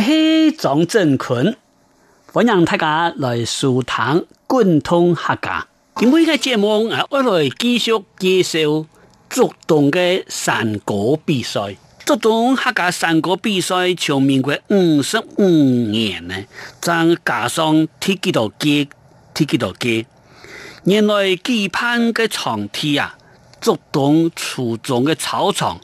係張振坤，歡迎、啊、大家來樹藤貫通客家。今日嘅節目我來繼續介紹竹東嘅山歌比賽。竹東客家山歌比賽長命過五十五年呢，將加上添幾多雞，添幾多雞。原來棋盤嘅場地啊，竹東初中嘅草場，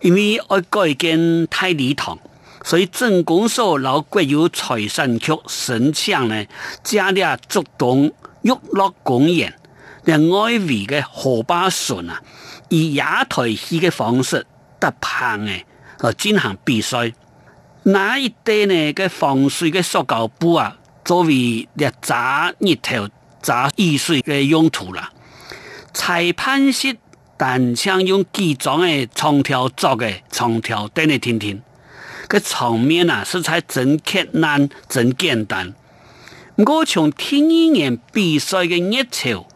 因為要蓋間大禮堂。所以盡管所老貴有財神局神像呢，加啊，竹東玉樂公園。連外圍的河壩上啊，以野台戲的方式搭棚嘅，嚟進行比賽。那一堆呢嘅防水的塑膠布啊，作為熱炸日頭炸雨水的用途啦。裁判席但請用機長的長條做的長條，等你聽聽。個場面啊，實在真艱難真簡單。我從第一年比賽嘅熱潮，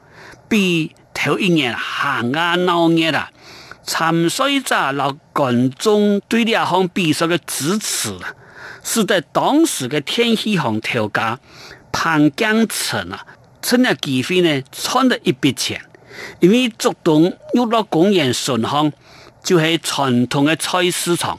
比頭一年喊啊鬧熱啊。參賽者老觀眾對這項比賽嘅支持，是在當時嘅天興巷頭家潘江城啊，趁那機會呢，賺了一筆錢。因為竹東有老公園順巷，就係傳統嘅菜市場。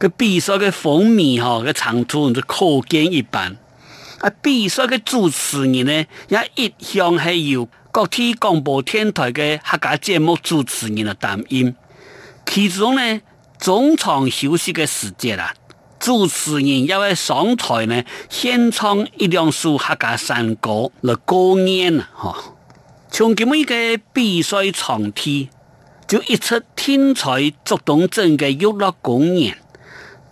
個比賽嘅封面嗬，個場地就可見一斑。啊，比賽嘅主持人呢，也一向是由各地廣播電台嘅客家節目主持人嚟擔任。其中呢，中場休息嘅時間啦、啊，主持人還會上台呢，先唱一兩首客家山歌嚟過年啊！哈、哦，從咁一個比賽場地，就一直停在竹東鎮嘅遊樂公園。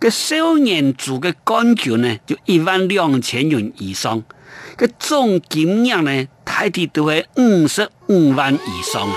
個少年做的工錢呢，就一萬兩千元以上；這總金額呢，大致都會五十五萬以上啊！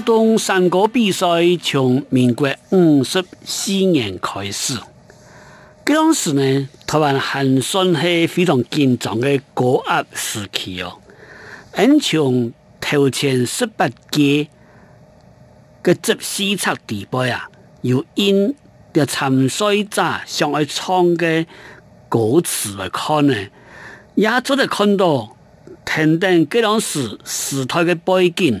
竹東山歌比賽從民國五十四年開始，嗰陣時呢，台灣還算是非常緊張嘅高壓時期哦。而、嗯、像頭前十八屆嘅即四測地步呀、啊，由因嘅參賽者想要唱嘅歌詞來看呢，也足睇看到肯定嗰陣時時代嘅背景。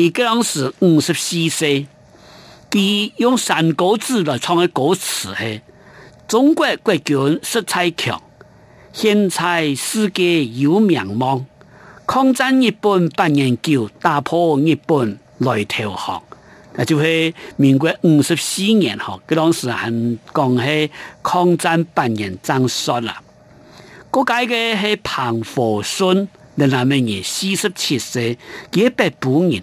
伊嗰時五十四歲，佢用山歌字來創誒歌詞吓。中國國軍是太強，現在世界有名望。抗戰日本八年久，打破日本來投降。那就是民國五十四年呵，個當時還講是抗戰八年戰輸了。嗰個嘅係彭火順，你諗下四十七歲，一百五人。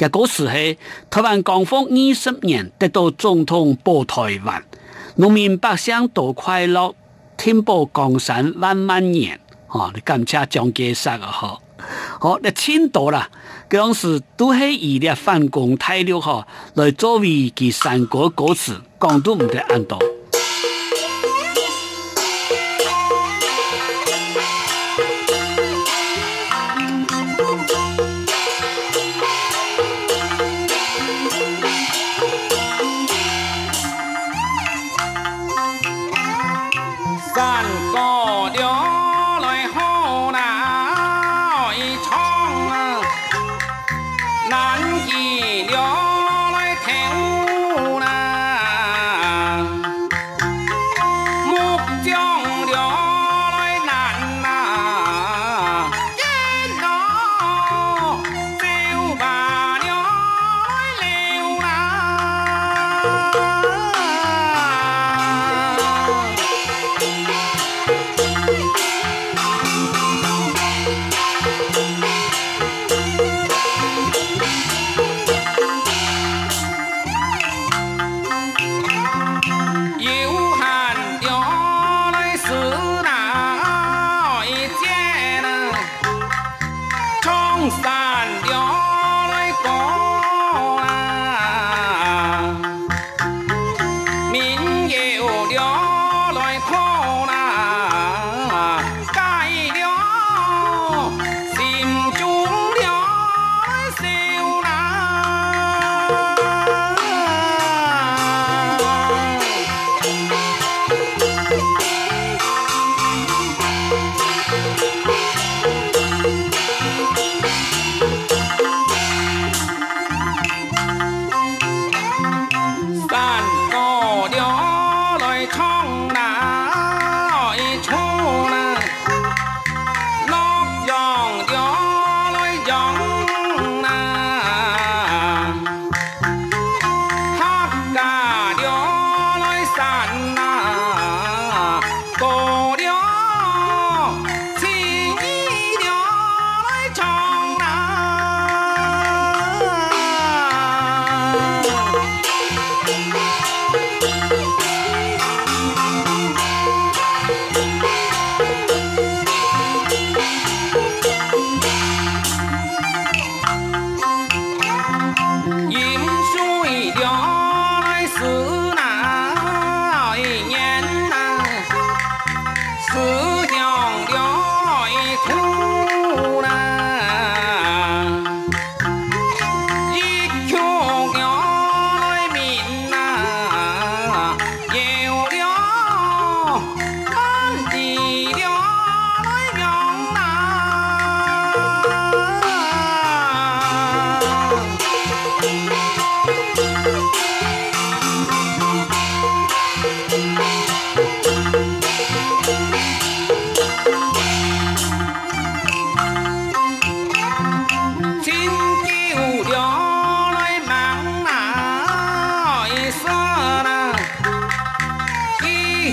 嘅嗰時候，台灣光復二十年，得到總統保台灣，農民百姓都快樂，天保江山萬萬年。哦，你感謝蔣介石啊，好、哦，好，你青島啦，嗰陣時都係以啲反共態度，哈，來作為佢三國故事，講都唔得安度。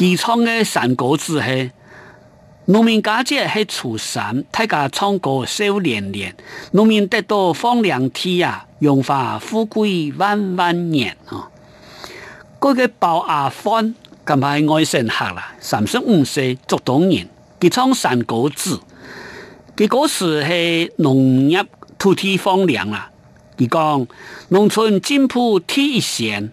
歌唱的山歌子是農民家姐喺出山，大家唱歌笑連連，農民得到荒涼天啊，榮華富貴萬萬年哦。嗰個包阿芳近排我省客啦，三十五歲做工人，歌唱山歌子。這個是，是農業土地荒涼啦，佢講農村金鋪體一線。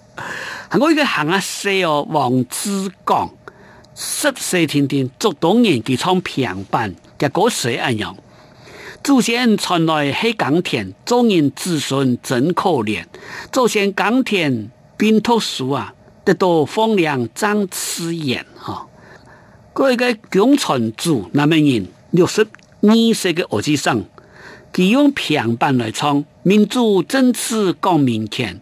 國依個行阿四哦，王志剛十四天天作冬年，佢唱平板嘅歌水一樣。祖先傳來係耕田，做人子孫真可憐。祖先耕田並讀書啊，得到風涼張痴眼哈。嗰一個共產黨員，那麼六十二歲嘅年紀上，佢用平板來唱民主政治講明天。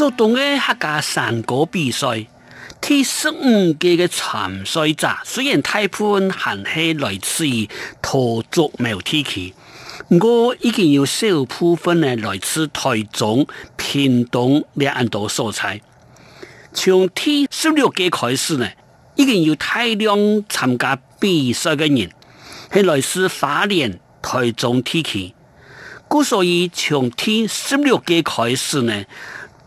做動嘅客家山歌比賽，第十五屆嘅參賽者雖然大部分係來自桃竹苗地區，毋過已經有少部分嘅來自台中、屏東呢啲所在。從第十六屆開始呢，已經有大量參加比賽嘅人係來自花蓮、類似法台中地區，故所以從第十六屆開始呢。